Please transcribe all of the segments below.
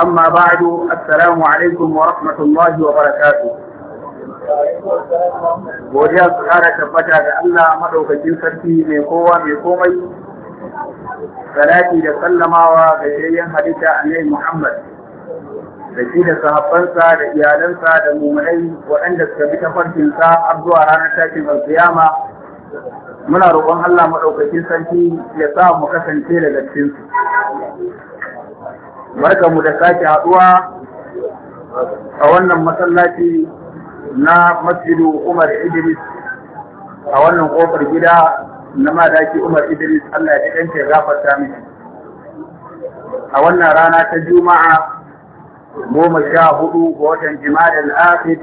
أما بعد السلام عليكم ورحمة الله وبركاته godiya su kara tabbata ga Allah madaukakin sarki mai kowa mai komai salati da sallamawa ga yayyen halitta annabi Muhammad da shi da sahabbansa da iyalansa da mumunai waɗanda suka bi tafarkin sa har zuwa ranar tashin alkiyama muna roƙon Allah madaukakin sarki ya sa mu kasance da cikin Barka mu da sake haɗuwa a wannan masallaci na masjidu Umar Idris a wannan kofar gida na madaki Umar Idris Allah ya ɗanke gafarta miki. A wannan rana ta Juma'a goma sha hudu ga watan al al'afid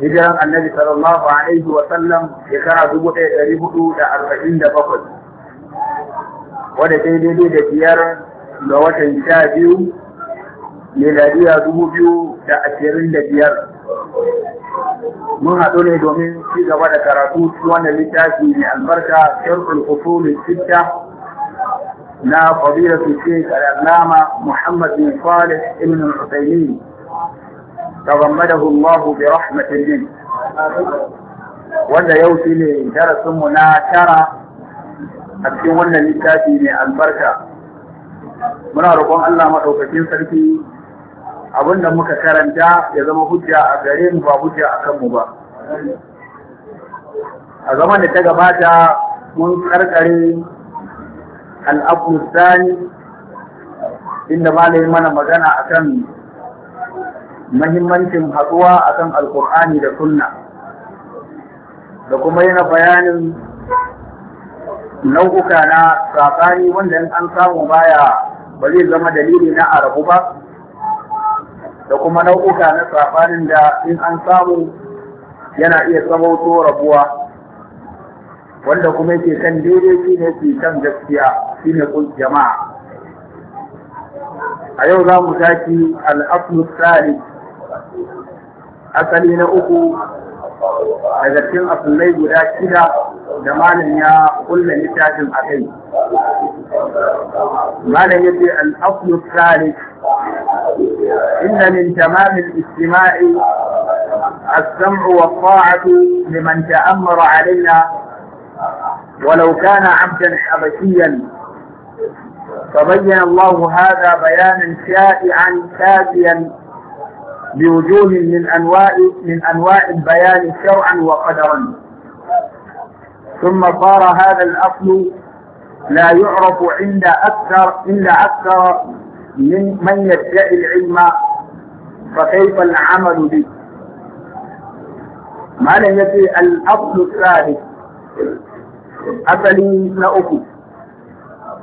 hijiran annabi sallallahu alaihi wa sallam shekara dubu ɗaya ɗari hudu da arba'in da bakwai. Wadda daidai da biyar ga watan sha biyu miladiya dubu biyu da ashirin da biyar mun haɗu ne domin ci gaba da karatu wannan littafi mai albarka sharhul usul sitta na fadilatu shaykh al-allama muhammad bin salih ibn al-usaymin tagammadahu Allah bi rahmatin min wanda yau shine darasin mu na tara a cikin wannan littafi mai albarka muna roƙon Allah maɗaukakin sarki da muka karanta ya zama hujja a gare mu ba hujja a kanmu ba a zaman da ta gabata mun karkare al’abdustani inda yi mana magana akan mahimmancin haɗuwa akan alkur'ani da sunna da kuma yana bayanin nau'uka na saɓani wanda in an samu baya ba zai zama dalili na arabu ba da kuma nau'uka na saɓanin da in an samu yana iya sabauto rabuwa wanda kuma yake kan daidai shi ne ke kan gaskiya shi ne jama'a a yau za mu tashi al'aflu tsari asali na uku daga cikin asulai guda shida da malam ya kulla littafin a kai. Malam ya ce al'aflu tsari, inna min tamamin istima'i, السمع والطاعة لمن تأمر علينا ولو كان عبدا حبشيا فبين الله هذا بيانا شائعا كافيا بوجوه من انواع من انواع البيان شرعا وقدرا ثم صار هذا الأصل لا يعرف عند أكثر إلا أكثر من من يدعي العلم فكيف العمل به؟ ما لم الأصل الثالث أصلي نأكل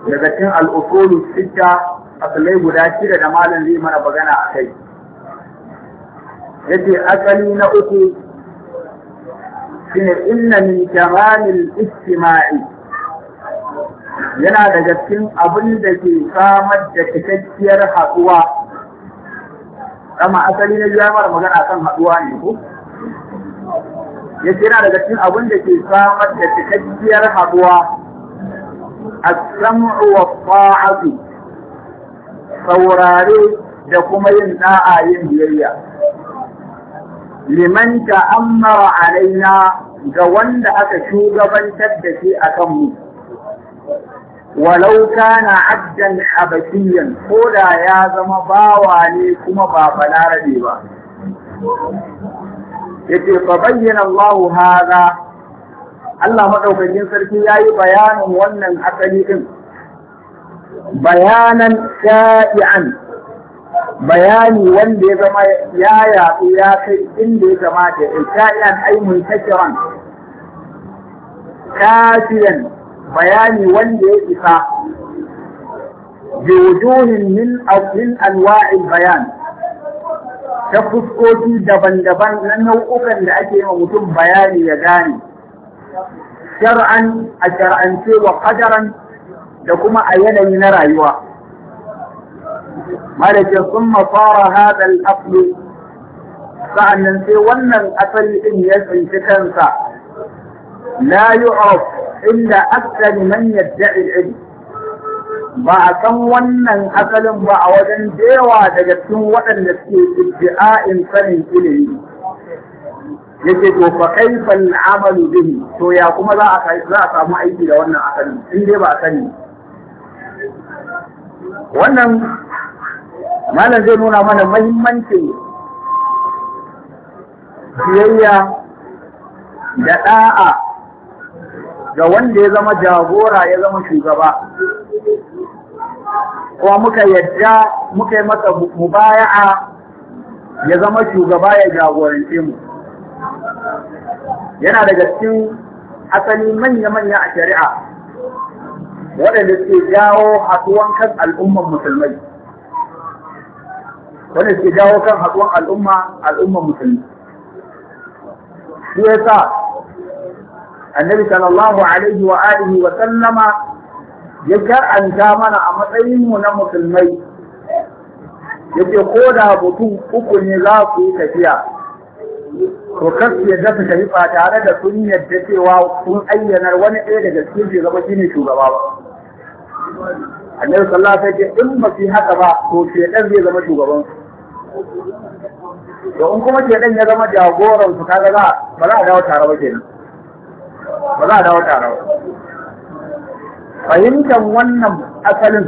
إذا كان الأصول الستة أصلي مداشرة لما لم يمنا بغنى أخي يأتي أصلي نأكل shine inna min kamalil istima'i yana daga cikin abin da ke samar da cikakkiyar haɗuwa amma asali na ya mara magana kan haɗuwa ne ko ya yana daga cikin abin da ke samar da cikakkiyar haɗuwa as-sam'u wa ta'atu saurare da kuma yin da'a yin biyayya liman ta'ammara alaina ga wanda aka shugabantar da shi a kanmu walau kana abdan habashiyan ko da ya zama bawa ne kuma ba balarabe ba yace fa bayyana Allahu haza. Allah madaukakin sarki yayi bayanin wannan asali din bayanan sha'i'an bayani wanda ya zama ya yaɗu ya kai inda ya zama kamata ilka'iyan aimun muntakiran kafiyan bayani wanda ya isa bi min min anwa'il bayan ta fuskoki daban-daban na nau'ukan da ake ma mutum bayani ya gane shar'an a shar'ance wa kadaran da kuma a yanayi na rayuwa malaje sun mafara hada al'aflu sa'annan sai wannan asali ɗin ya tsinci kansa la yu'raf illa aksari man yadda'i ilm ba a san wannan asalin ba a wajen dewa daga cikin waɗanda suke iddia'in sanin ilimi yake to fa kaifa al'amalu bihi to ya kuma za a za a samu aiki da wannan asalin in dai ba a sani wannan malam zai nuna mana mahimmancin biyayya da ɗa'a ga wanda ya zama jagora ya zama shugaba kuma muka yadda muka yi masa mubaya'a ya zama shugaba ya jagorance mu yana daga cikin asali manya-manya a shari'a waɗanda suke jawo haɗuwan kan al'ummar musulmai wanda ke jawo kan haɗuwar al'umma al'umma musulmi shi yasa annabi sallallahu alaihi wa alihi wa sallama ya karanta mana a matsayin mu na musulmai yace ko da mutum uku ne za su yi tafiya to kas ya da su tafi ba tare da sun yadda cewa sun ayyana wani ɗaya daga cikin shugaba shine shugaba ba annabi sallallahu alaihi wasallam in ba su haka ba to shedan zai zama shugaban to in kuma shedan ya zama jagoran su kaga za ba za a dawo tare ba kenan ba za a dawo tare ba fahimtar wannan asalin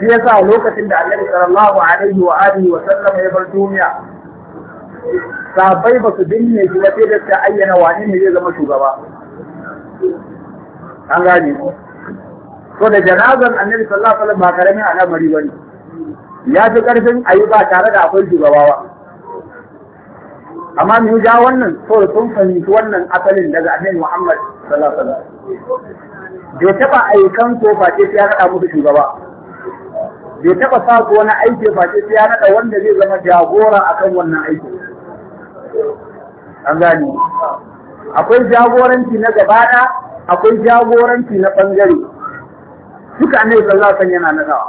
shi yasa lokacin da annabi sallallahu alaihi wa alihi wa sallam ya bar duniya sabai ba su binne shi ba sai da ta ayyana wani ne zai zama shugaba an gane to da janazan annabi sallallahu alaihi wasallam ba karamin al'amari bane ya fi karfin ayi ba tare da akwai shugaba ba amma mu ja wannan to sun fahimci wannan asalin daga annabi Muhammad sallallahu alaihi wasallam bai taba aikan ko face ce ya rada musu shugaba bai taba sa ko wani aiki face ce ya rada wanda zai zama jagora akan wannan aiki an gani akwai jagoranci na gaba akwai jagoranci na bangare duka annabi sallallahu alaihi yana nadawa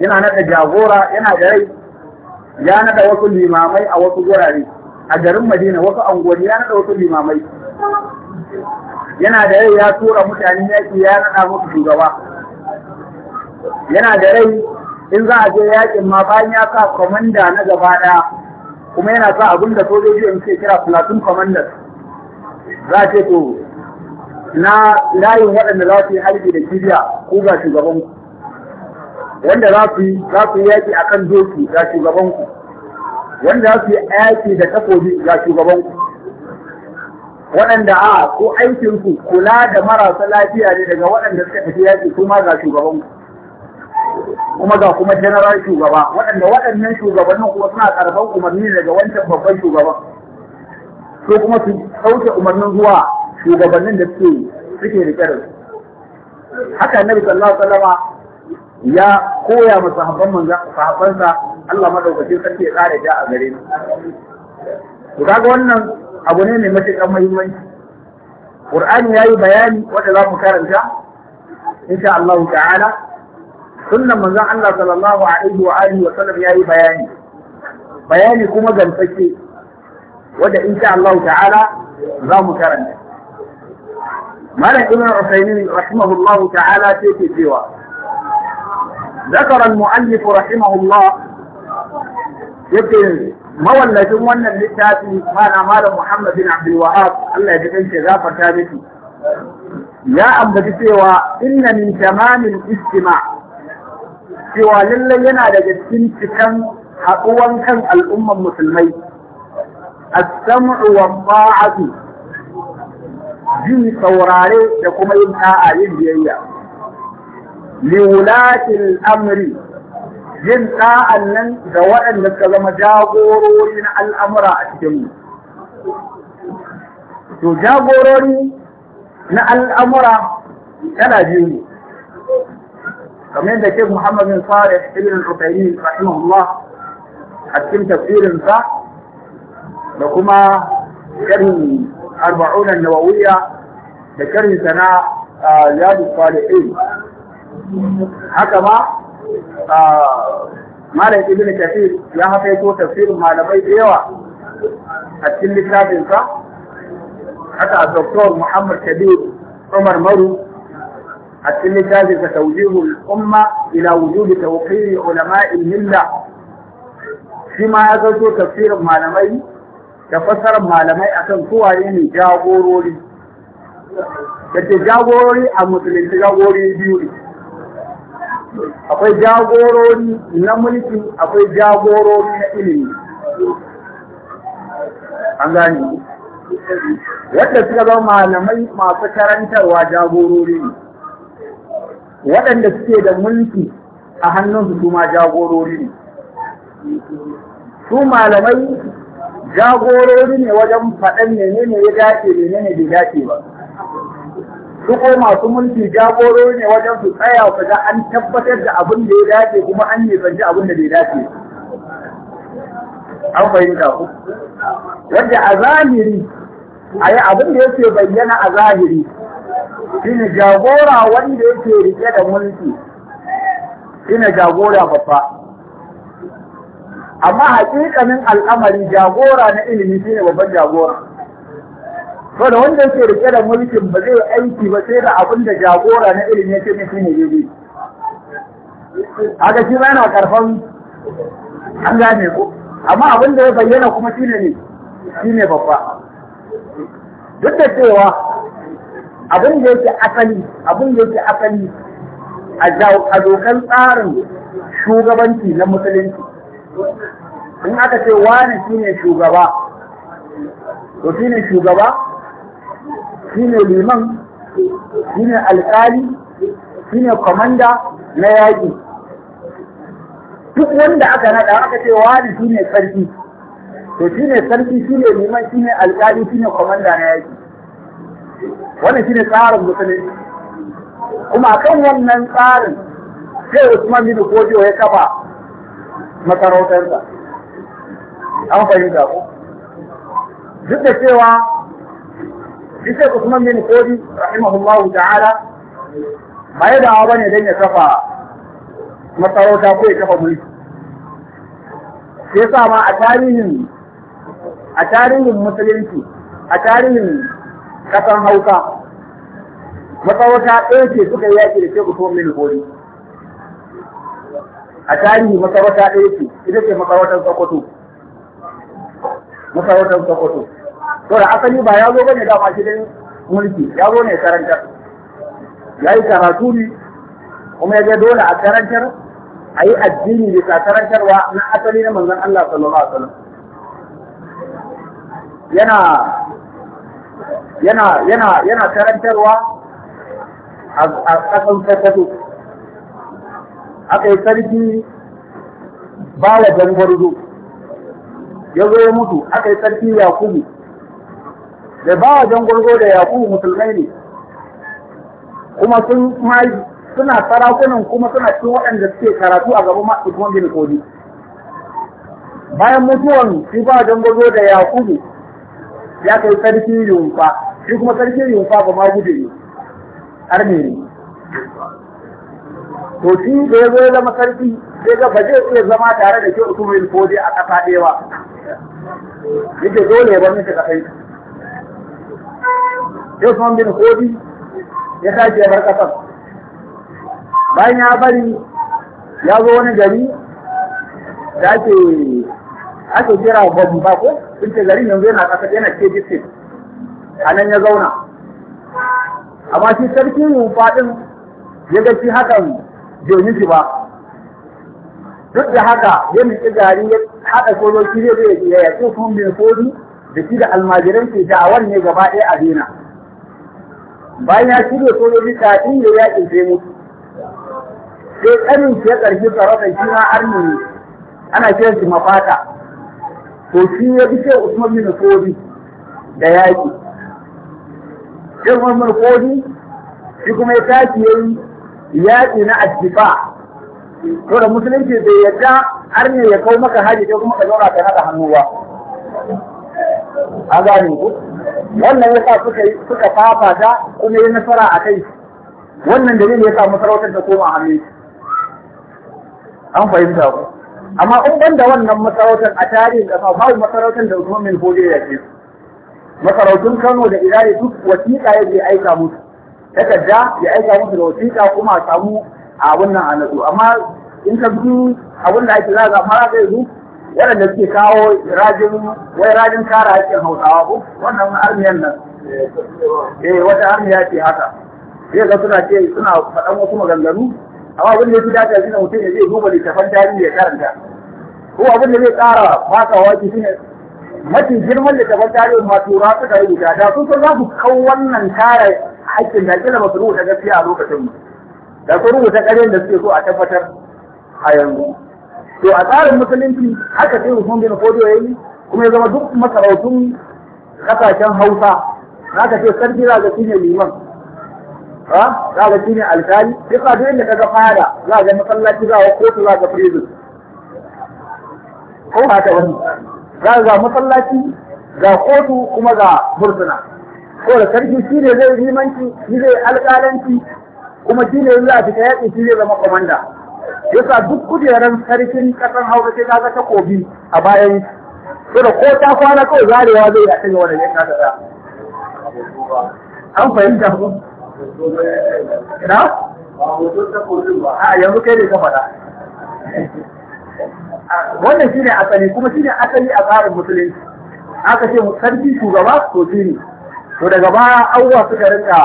yana nada jagora yana da rai ya nada wasu limamai a wasu gurare a garin Madina wasu angoni ya nada wasu limamai yana da rai ya tura mutane yaki ya nada musu shugaba yana da rai in za a je yakin ma bayan ya sa komanda na gaba daya kuma yana sa abin da sojoji in ce kira platoon commanders za ce to na layin waɗanda za su yi harbi da kiriya ko ga shugabanku wanda za su yi yaƙi a kan doki ga shugabanku wanda za su yi yaƙi da takobi ga shugabanku waɗanda a ko aikinku kula da marasa lafiya ne daga waɗanda suka tafi yaƙi ma ga shugabanku kuma ga kuma general shugaba waɗanda waɗannan shugabannin kuma suna karɓar umarni daga wancan babban shugaban ko kuma su sauke umarnin zuwa shugabannin da suke suke da su haka annabi sallallahu alaihi wasallam ya koya ma sahabban manzo sahabbansa Allah madaukakin sarki ya tsare ja a gare ni to kaga wannan abu ne mai matuƙar muhimmanci Qur'ani yayi bayani wanda za mu karanta insha Allah ta'ala sunnan manzon Allah sallallahu alaihi wa alihi wa sallam yayi bayani bayani kuma gantsake wanda insha Allah ta'ala za mu karanta malam ibn Uthaymeen rahimahullahu ta'ala ce ke cewa ذكر المؤلف رحمه الله يبقى mawallafin wannan littafi mana malam Muhammad bin Abdul Allah ya dace gafarta miki ya ambaci cewa inna min tamamil istima cewa lalle yana daga cikin cikan haɗuwan kan al'ummar musulmai as-sam'u wa ta'atu ji saurare da kuma yin ta'a yin biyayya liwulatil amri yin da'an nan da waɗanda suka zama jagorori na al'amura a cikin mu to jagorori na al'amura yana biyu ne kamar yadda ke Muhammad bin Salih ibn al rahimahullah a cikin tafsirinsa da kuma irin arba'una nawawiyya da karin sana ziyadu salihin haka ma malam ibn kafir ya hafaito tafsirin malamai da yawa a cikin littafinsa haka doktor muhammad kabir umar maru a cikin littafinsa tawjihul umma ila wujudi tawqiri ulama'i milla shima ya zato tafsirin malamai da fasarar malamai akan kowaye ne jagorori da ke jagorori a musulunci jagorori biyu ne akwai jagorori na mulki akwai jagorori na ilimi an gani wadda suka zama malamai masu karantarwa jagorori ne waɗanda suke da mulki a hannunsu su ma jagorori ne su malamai jagorori ne wajen faɗan menene ya dace menene bai dace ba su ko masu mulki jagorori ne wajen su tsaya su ga an tabbatar da abin da ya dace kuma an nisanci abin da bai dace an fahimta ku Wadda a zahiri a yi abin da yake bayyana a zahiri shine jagora wanda yake rike da mulki shine jagora babba amma hakikanin al'amari jagora na ilimi ne babban jagora to da wanda yake rike da mulkin ba zai aiki ba sai da abin da jagora na ilimi yake ne shine daidai haka shi ma yana karfan an gane ko amma abin da ya bayyana kuma shi ne ne babba duk da cewa abin da yake asali abin da yake asali a dokar tsarin shugabanci na musulunci in aka ce wani shine shugaba to shine shugaba shine liman shine alƙali shine kwamanda na yaƙi duk wanda aka naɗa aka ce wani shine sarki to shine sarki shine liman shine alƙali shine kwamanda na yaƙi wannan shine tsarin musulunci kuma kan wannan tsarin sai Usman bin Kojo ya kafa makarautarsa an fahimta ko duk da cewa ku kuma bin Kodi rahimahullahu ta'ala ba ya dawa bane dan ya kafa masarauta ko ya kafa mulki sai sa ma a tarihin a tarihin musulunci a tarihin kasan Hausa masarauta ɗaya ce suka yi yaƙi da ku Usman mini Kodi a tarihi masarauta ɗaya ce ita ce masarautar sokoto masarautar sokoto to da asali ba ya zo bane dama gidan mulki ya zo ne karantar ya yi karatu ne kuma ya ga dole a karantar a yi addini ta karantarwa na asali na manzon Allah sallallahu alaihi wasallam yana yana yana yana karantarwa a ƙasan sokoto aka yi sarki ba wa gangwarzo ya zo ya mutu aka yi sarki yakubu da ba wa gangwarzo da ya kubu musulmai ne kuma sun suna sarakunan kuma suna cikin waɗanda suke karatu a gaban Usman bin Kodi. Bayan mutuwan shi ba dangozo da ya kubu, ya kai sarki Yunfa, shi kuma sarki Yunfa ba ma gudu ne, har ne. to shi da ya zo ya zama sarki sai ga ba zai iya zama tare da ke usman ko dai a ƙasa ɗaya ba yake dole ya bar mishi ƙasai Usman bin Kodi ya sa ya bar ƙasar bayan ya bari ya zo wani gari da ake ake kira babu ba ko sun ce garin yanzu yana ƙasa yana ke district a nan ya zauna amma shi sarki rufa ya ga shi hakan bai ba duk da haka ya miƙi gari ya haɗa sojoji ne zai ya yaƙi sun bin soji da shi da almajiran ke da'awar ne gaba ɗaya a dina bayan ya shirya sojoji kafin ya yaƙin sai mutu sai ƙanin ke ƙarfi tsaron shi ma arni ne ana kiran shi mafata to shi ya fi ce usman bin soji da yaƙi sai usman bin shi kuma ya tashi ya yi yaƙi na addifa to da musulunci bai yadda har ne ya kawo maka haji ko kuma ka zauna ka naɗa hannu ba an gane ku wannan ya sa suka suka fafata kuma yi nasara a kai wannan dalilin sa masarautar ta koma hannu an fahimta ku amma in ban da wannan masarautar a tarihin ƙasa babu masarautar da Usman bin Fodiyo ya ce masarautun Kano da Iraki duk wasiƙa ya je aika musu takarda ya aika musu da wasiƙa kuma a samu a wannan a natsu amma in ka bi abin da ake zaga mara zai zu waɗanda suke kawo rajin wai rajin kara haƙƙin hausawa ko wannan armiyan nan eh wata armiya ce haka zai ga suna ce suna faɗan wasu maganganu amma abin da ya fi dace shi mutum ya zai duba littafan tarihi ya karanta ko abin da zai ƙara maka waki shi ne mafi girman littafan tarihi ma tura suka rubuta da sun san za su kawo wannan kara haƙƙin da kila masu ruwa rubuta gaskiya a lokacin da su rubuta ƙaryen da suke so a tabbatar a yanzu to a tsarin musulunci haka sai Usman bin Fodio yayi kuma ya zama duk masarautun kasashen Hausa haka ce sarki za ga ne liman ha za ga ne alkali sai ka duk inda kaga fada za ga masallaci za ga kotu za ga prison ko haka wani za ga masallaci ga kotu kuma ga burtuna kawai sarki shi ne zai limanci shi zai alƙalanci kuma shi ne za a fita yaƙi shi zai zama komanda yasa duk kujeran sarkin ƙasar hausa sai kaga takobi a bayan saboda ko ta kwana kawai zarewa zai yi a cikin wani yanka da an fahimta ku na a yanzu kai ne ka faɗa wannan shi ne asali kuma shi ne asali a tsarin musulunci aka ce sarki shugaba to shi ne to daga baya abubuwa suka rinka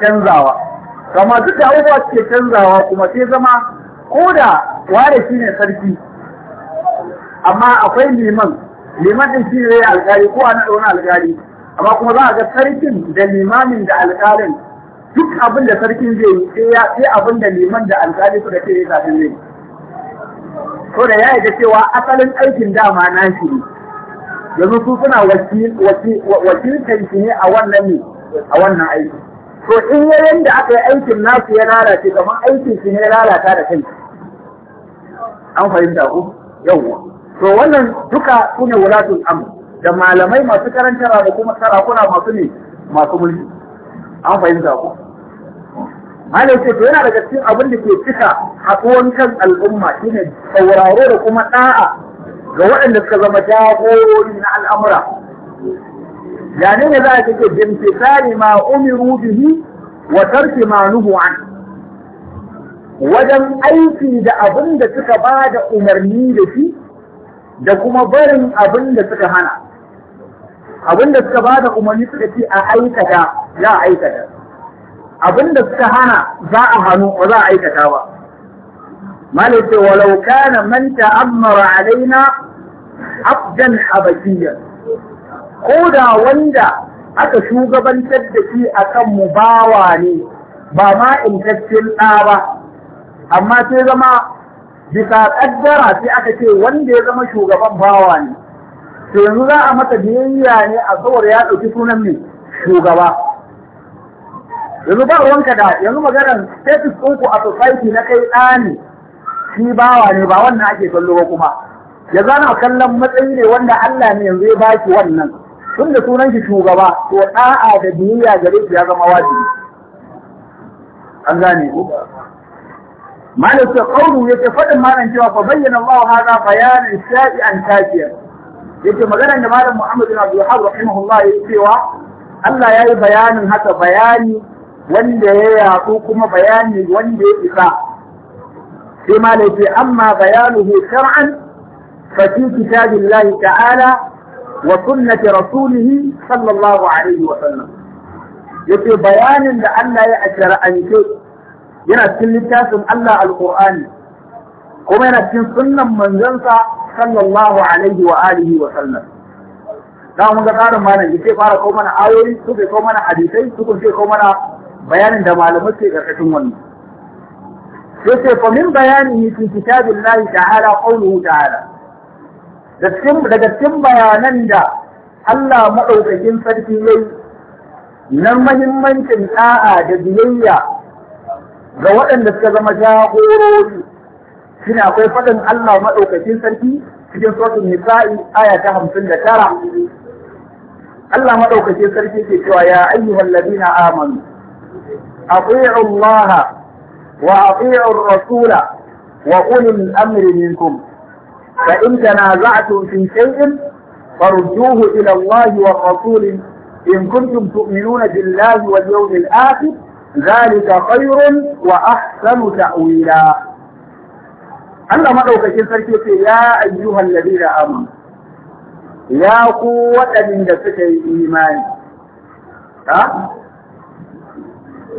canzawa kama duk da abubuwa suke canzawa kuma sai zama ko da ware shi ne sarki amma akwai liman liman din shi ne alƙali ko ana ɗauna alƙali amma kuma za a ga sarkin da limanin da alƙalin duk abin da sarkin zai yi sai abin da liman da alƙali suka ce ya zafin zai ko da ya yi da cewa asalin aikin dama na shi ne yanzu su suna wakiltar shi ne a wannan ne a wannan aiki to in yi yadda aka yi aikin nasu ya lalace kamar aikin shi ne ya lalata da kai an fahimta ku yawwa to wannan duka su ne wulatun amu da malamai masu karanta da kuma sarakuna masu ne masu mulki an fahimta ku Malam ce to yana daga cikin abin da ke cika haɗuwan kan al'umma shine sauraro da kuma ɗa'a ga waɗanda suka zama jagorori na al'amura yani ne za a kake bimtisali ma umiru bihi wa tarki ma nuhu an wajen aiki da abin da suka ba da umarni da shi da kuma barin abin da suka hana abin da suka ba da umarni suka ce a aikata za a aikata abin da suka hana za a hannu ba za a aikata ba malai ce walau kana man ta'ammara alaina abdan habashiyan ko da wanda aka shugabantar da shi a kan mu bawa ne ba ma intaccen ɗa ba amma sai zama bisa ƙaddara sai aka ce wanda ya zama shugaban bawa ne yanzu za a mata biyayya ne a saboda ya ɗauki sunan ne shugaba yanzu ba ruwanka da yanzu maganar status ɗinku a society na kai ɗa ne shi bawa ne ba wannan ake kallo ba kuma ya zana kallon matsayi ne wanda Allah ne yanzu ya baki wannan tun da sunan shi shugaba to da'a da duniya gare shi ya zama wajibi an gane ku malam sai qawlu yake fadin malam cewa fa bayyana Allah hada bayanan sha'ian Ya yake magana da malam Muhammad bin Abdul Wahhab rahimahullah yake cewa Allah yayi bayanin haka bayani wanda ya yaku kuma bayani wanda ya isa sai ma laifi amma bayanuhu shar'an fa fi kitabillahi ta'ala wa sunnati rasulihi sallallahu alaihi wa sallam yace bayanin da Allah ya a shar'ance yana cikin littafin Allah alqur'ani kuma yana cikin sunnan manzansa sallallahu alaihi wa alihi wa sallam da mun ga tsarin malam yace fara kawo mana ayoyi su bai kawo mana hadisai su kun kawo mana bayanin da malamai ke karkashin wannan yace fa min bayanihi fi kitabillahi ta'ala qawluhu ta'ala da cikin daga cikin bayanan da Allah madaukakin sarki yayi na mahimmancin da'a da biyayya ga waɗanda suka zama jagorori shine akwai faɗin Allah madaukakin sarki cikin suratul nisa'i aya ta 59 Allah madaukakin sarki ke cewa ya ayyuhal ladina amanu أطيعوا الله وأطيعوا الرسول وأولي الأمر منكم فإن تنازعتم في شيء فردوه إلى الله والرسول إن كنتم تؤمنون بالله واليوم الآخر ذلك خير وأحسن تأويلا Allah ما sarki ce يا أيها الذين آمنوا ya قوة waɗanda suka الإيمان ها ha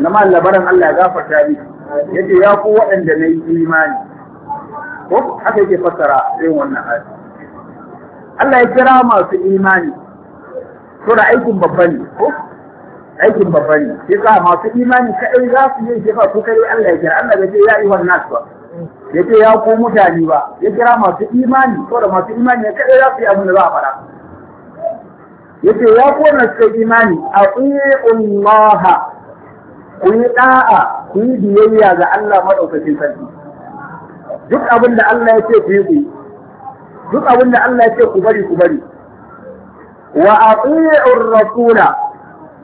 na mallabaran الله غافر gafarta yace ya ku waɗanda na yi imani ko haka yake fassara irin wannan hali Allah ya kira masu imani to da aikin babba ne ko aikin babba ne ka masu imani kai za su yi shefa ko kai Allah ya kira Allah bai ce ya yi wannan ba yake ya ku mutane ba ya kira masu imani to da masu imani ne kai za su yi abin da za a fara yake ya ku wannan imani a Allah ku yi da'a ku yi biyayya ga Allah maɗaukacin sarki duk abin da Allah ya ce ku yi ku yi duk abin da Allah ya ce ku bari ku bari wa a ati'ur rasula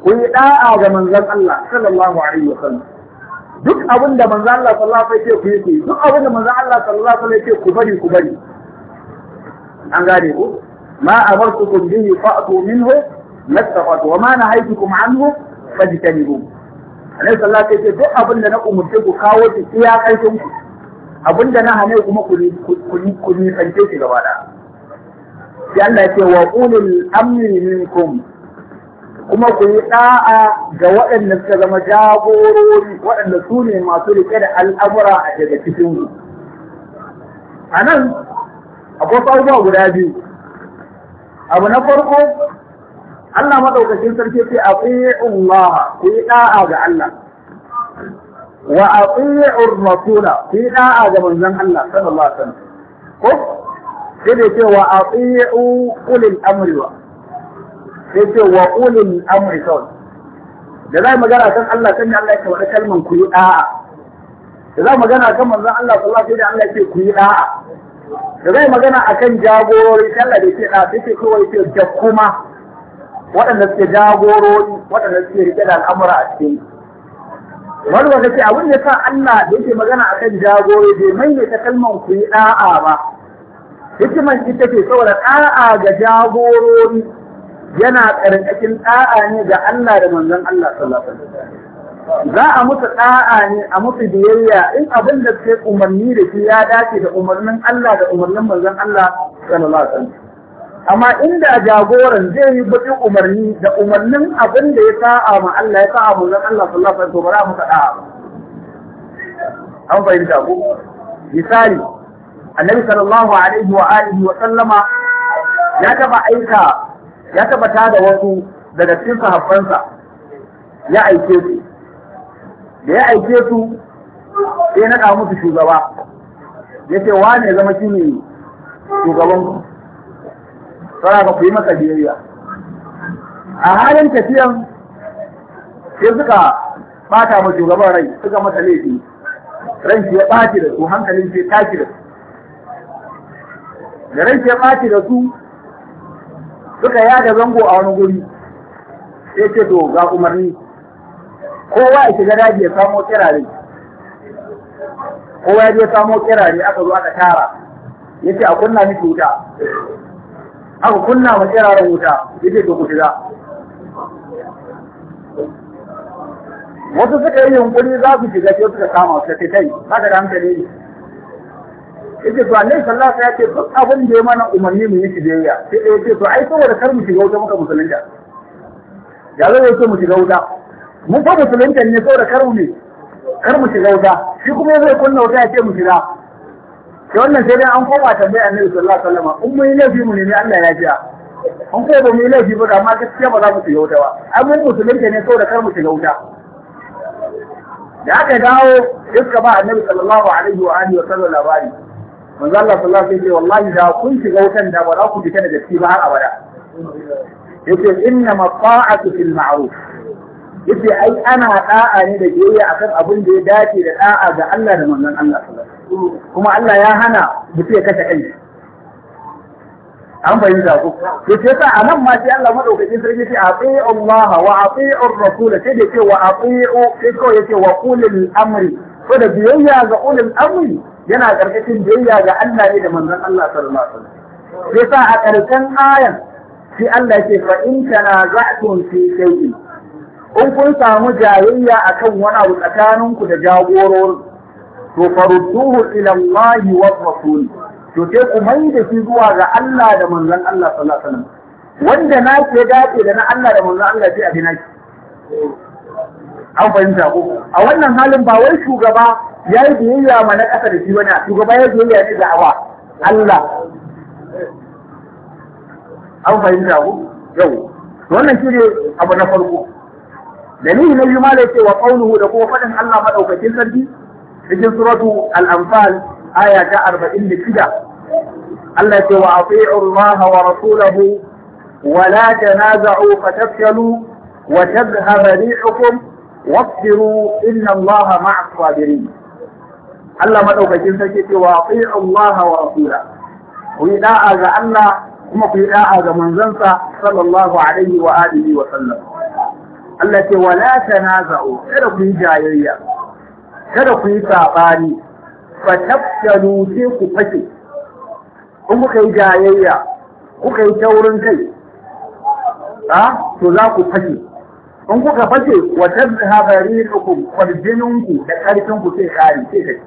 ku yi ɗa'a ga manzon Allah sallallahu alaihi wa sallam duk abin da manzon Allah sallallahu alaihi wa sallam ya ce ku yi ku yi duk abin da manzon Allah sallallahu alaihi wa sallam ya ce ku bari ku bari an gane ku ma a amartukum bihi fa'tu minhu mastata'tu wa ma na haifi kuma ta ni fajtanibuhu annabi sallallahu alaihi wasallam duk abin da na umurce ku kawo shi iya karshen ku abin da na hane kuma ku ku ni kance shi gaba da sai Allah ya ce wa amri minkum kuma ku yi da'a ga waɗanda suka zama jagorori waɗanda su ne masu riƙe da al'amura a daga cikin ku a nan akwai abubuwa guda biyu abu na farko Allah madaukakin sarki ce a ati'u Allah ku yi ɗa'a ga Allah wa ati'u rasula ku yi ɗa'a ga manzan Allah sallallahu Allah wasallam ko sai da ce wa a ati'u ulil amri wa sai ce wa ulil amri kawai da za magana kan Allah kan Allah ya wada kalman ku yi da'a da za magana kan manzan Allah sallallahu alaihi wasallam Allah ya ce ku yi da'a da zai magana a kan jagorori Allah da ke da take kawai ce da kuma waɗanda suke jagorori waɗanda suke riƙe da al'amura a cikin wani wanda ce abin da sa Allah da yake magana kan jagorori bai maimaita kalman ku yi ɗa'a ba hikiman ita ce saboda ɗa'a ga jagorori yana ƙarƙashin ɗa'a ne ga Allah da manzon Allah sallallahu alaihi wasallam za a musu ɗa'a ne a musu biyayya in abin da suke umarni da shi ya dace da umarnin Allah da umarnin manzon Allah sallallahu alaihi wasallam amma inda jagoran zai yi baƙin umarni da umarnin abin da ya sa'a ma Allah ya sa'a mu zan Allah sallallahu alaihi wa sallam mu da'a an fahimta ku misali annabi sallallahu alaihi wa alihi wa sallama ya taba aika ya taba da wasu daga cikin sahabbansa ya aike su da ya aike su sai na musu shugaba ya ce wane zama shi ne shugaban sai ka ku yi masa biyayya a halin tafiyan sai suka bata ma shugaban rai suka masa laifi ran shi ya ɓaci da su hankalin shi ya da su da ran shi ya ɓaci da su suka yada zango a wani guri sai ce to ga umarni kowa ya shiga daji ya samo kirare kowa ya je samo kirare aka zo aka tara ya ce a kunna miki wuta aka kunna wa tsirarin wuta yake to ku shiga wasu suka yi yunkuri za su shiga ke suka kama su ta kai ba da ranta ne yake to Allah sallallahu ya ce duk abin da ya mana umarni mu yi shigayya sai ya ce to ai saboda kar mu shiga wuta muka musulunta ya zai yake mu shiga wuta mun fa musulunta ne saboda kar mu ne kar mu shiga wuta shi kuma ya zai kunna wuta ya ce mu shiga da wannan sai dai an koma tambayar annabi sallallahu alaihi wasallam in mun yi laifi mu nemi Allah ya jiya an ko ba mu yi laifi ba amma gaskiya ba za mu shiga wuta ba an mun musulunta ne saboda kar mu shiga wuta da aka dawo iska ba annabi sallallahu alaihi wa alihi wa sallam labari manzo Allah sallallahu alaihi wa wallahi da kun shiga wutan da ba za ku fita da gaskiya ba har abada yace inna mata'atu fil ma'ruf yace ai ana da'a ne da biyayya akan abin da ya dace da da'a ga Allah da manzon Allah sallallahu kuma Allah ya hana mutum ya kashe kai an fahimta ku to ce sa anan ma sai Allah madaukakin sarki sai ati'u Allah wa ati'u ar-rasul sai da ce wa ati'u sai ko yace wa qulil amri ko da biyayya ga ulul amri yana karkashin biyayya ga Allah ne da manzon Allah sallallahu alaihi wasallam sai sa a karshen ayan sai Allah yake fa in kana za'tun fi shay'in in kun samu jayayya akan wani abu tsakaninku da jagororin to farudduhu ila Allah wa rasul to sai ku mai da shi zuwa ga Allah da manzon Allah sallallahu alaihi wasallam wanda na ke dace da na Allah da manzon Allah sai a bi naki an fahimta ko a wannan halin ba wai shugaba ya yi biyayya ma na ƙasa da shi wani shugaba ya biyayya ne da awa Allah an fahimta ko yau wannan shi ne abu na farko dalilin na biyu ma da wa qauluhu da kuma faɗin Allah madaukakin sarki cikin suratu al-anfal aya ta arba'in da shida. Allah ya ce wa ati'u Allah wa rasulahu wa la tanaza'u fatafshalu wa tadhhaba rihukum wasbiru inna Allah ma'as sabirin Allah madaukakin sarki ce wa ati'u Allah wa rasulahu ku yi da'a ga Allah kuma ku yi da'a ga manzansa sallallahu alaihi wa alihi wa sallam Allah ce wa la tanaza'u kada ku yi jayayya kada ku yi sabani fa tafshalu sai ku fashe in kuka yi jayayya kuka yi taurin kai a to za ku fashe in kuka fashe wa tazha barihukum farjinunku da karfin ku sai kare sai kai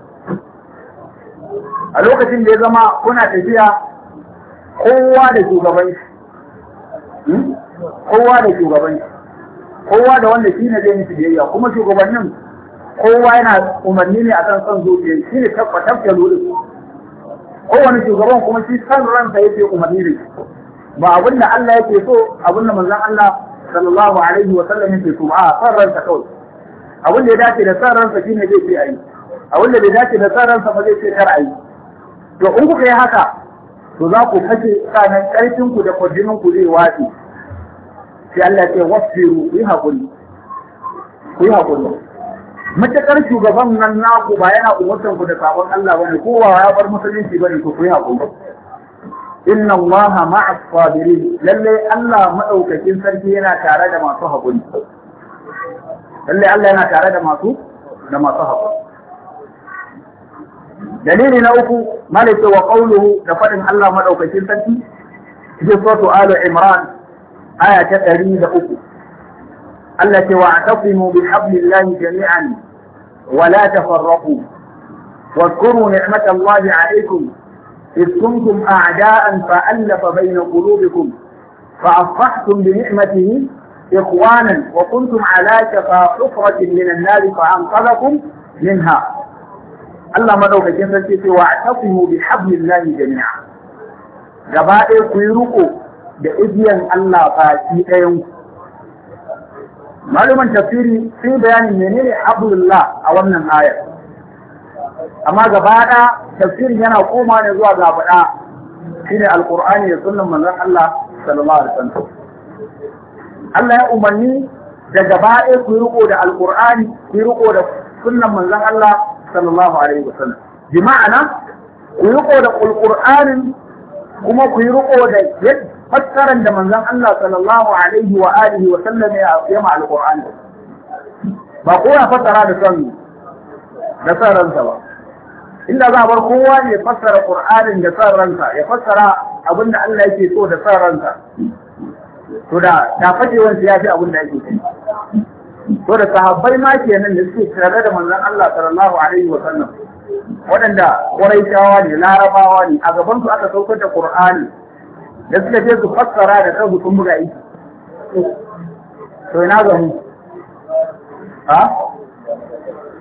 a lokacin da ya zama kuna tafiya kowa da shugaban shi hmm? kowa da shugaban shi kowa da wanda shi ne zai yi biyayya kuma shugabannin kowa yana umarni ne akan son zuciya shi ne tabbatar tabba lulu kowane shugaban kuma shi san ransa yake umarni ne ba abin da Allah yake so abin da manzon Allah sallallahu alaihi wa sallam yake so a san ransa kawai abin da ya dace da san ransa shine zai ce ayi abin da bai dace da san ranta ba zai ce kar ayi to in kuka yi haka to za ku kashe kanan karfin ku da kwadinin ku zai wace sai Allah ya ce wasfiru ku yi hakuri ku yi hakuri matakar shugaban nan naku ba yana umarta ku da sabon Allah bane kowa ya bar musulunci bane ku kuyi hakuri inna allaha ma'a sabirin lalle Allah madaukakin sarki yana tare da masu hakuri lalle Allah yana tare da masu da masu hakuri dalili na uku malaka wa qawluhu da fadin Allah madaukakin sarki cikin suratu al imran aya ta 103 Allah ce wa atasimu bi hablillahi jami'an ولا تفرقوا واذكروا نعمة الله عليكم إذ كنتم أعداء فألف بين قلوبكم فأصبحتم بنعمته إخوانا وكنتم على شفا حفرة من النار فأنقذكم منها الله madaukakin sarki ce wa tasimu bi hablillahi jami'a gaba ɗaya ku yi riko maluman tafsiri sun yi bayanin menene abdullah a wannan ayar amma gaba ɗaya tafsirin yana koma ne zuwa gaba ɗaya shine alqur'ani da sunnan manzon Allah sallallahu alaihi wasallam Allah ya umarni da gaba ɗaya ku riko da alqur'ani ku riko da sunnan manzon Allah sallallahu alaihi wasallam bi ma'ana ku riko da alqur'anin kuma ku yi riko da fassarar da manzon Allah sallallahu alaihi wa alihi wa sallam ya yama alqur'ani ba kowa fassara da san da san ranta ba inda za a bar kowa ne fassara qur'anin da san ranta, ya fassara abin da Allah yake so da san ranta, to da da fadewan ya fi abin da yake so to da sahabbai ma kenan da suke tare da manzon Allah sallallahu alaihi wa sallam waɗanda ƙwaraitawa ne larabawa ne a gabansu aka saukar da ƙur'ani da suka je su fassara da kansu sun buga iki to ina ga mu ha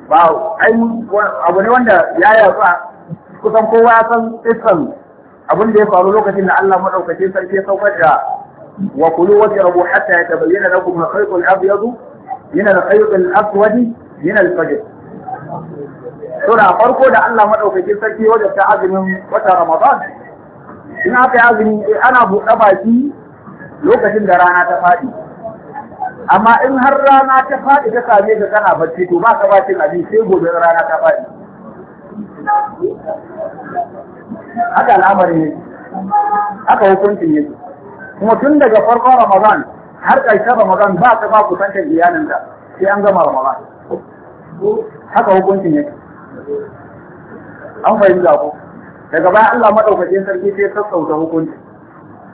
ba ai abu ne wanda ya sa kusan kowa ya san isan abin da ya faru lokacin da Allah madaukakin sarki ya saukar da wa kulu washrabu hatta yatabayyana lakum al-khayt al-abyad min al-khayt al-aswad min al-fajr suna farko da Allah maɗaukaki sarki wajen ta azumin wata Ramadan in aka yi azumi eh, ana buɗe baki lokacin da rana ta faɗi amma in har rana ta faɗi ta same ka kana bacci to ba ka bacin abin sai gobe rana ta faɗi haka al'amarin ne haka hukuncin ne kuma tun daga farkon Ramadan har ƙarshen Ramadan ba ka ba kusantar iyalinka sai an gama Ramadan haka hukuncin ne. an fahimta ku. daga baya Allah madaukakin sarki sai sassauta hukunci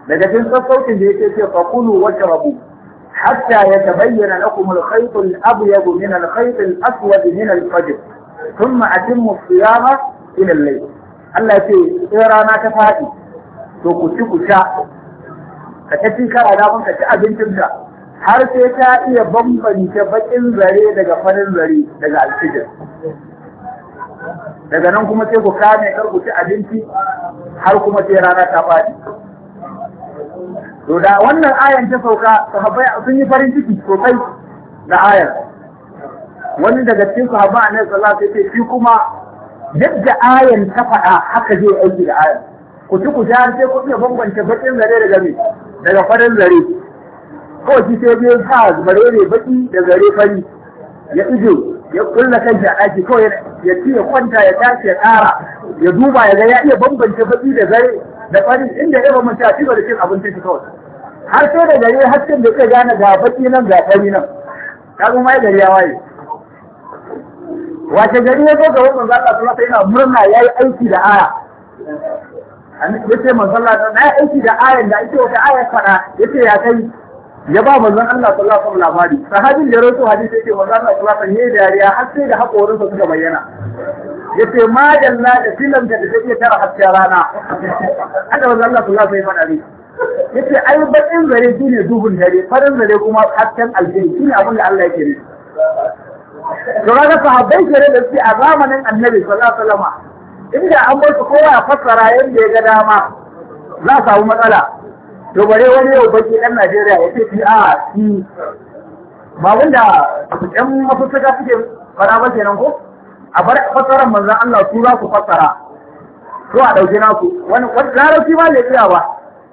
daga cikin sassaukin da yake ce wa tarabu hatta yatabayyana lakum al-khayt al-abyad min al-khayt al-aswad min al-fajr thumma atimmu as-siyama ila al-layl Allah ya ce sai rana ta fadi to ku ci ku sha ka ta ci kara da ka ci abincin ka har sai ta iya bambance bakin zare daga farin zare daga alfijir daga nan kuma sai ku kame kar ku ci abinci har kuma sai rana ta faɗi to da wannan ayan ta sauka sahabbai sun yi farin ciki sosai da ayan. wani daga cikin sahabba annabi sallallahu alaihi wasallam shi kuma yadda ayan ta faɗa haka zai aiki da ayan ku ci ku sha sai ku iya bambance bakin zare daga me daga farin zare kawai shi sai biyu sa zare ne baki da zare fari ya ijo ya kulla kan a ɗaki kawai ya ci ya kwanta ya tashi ya ƙara ya duba ya ga ya iya bambance baki da zare da fari inda ya bambance a cigaba da cin abinci shi kawai har sai da gari hasken da ke gane ga baki nan ga fari nan ta zo mai gari ya waye wace gari ya zo ga wannan za sallah sai yana murna ya yi aiki da aya an yace manzo Allah na aiki da ayan da ake wata aya fara yace ya kai ya ba manzon Allah sallallahu alaihi wasallam labari sahabin da rawaito hadisi yake manzon Allah sallallahu alaihi wasallam dariya har sai da hakorin sa suka bayyana yace ma dalla da filan da take tara hatta rana haka manzon Allah sallallahu alaihi wasallam yace ai bakin zare shine duhun dare farin zare kuma hasken aljin shine abin da Allah yake nufi to kaga sahabbai kere da su a zamanin Annabi sallallahu alaihi wasallam inda an bar su kowa ya fassara yanda ya ga dama za a samu matsala to bare wani yau baki ɗan Najeriya ya ce a shi ba wanda ƴan mafusaka suke fara ba kenan ko a bar fasarar manzon Allah su za ku fasara to a dauke naku wani larabci ma bai iya ba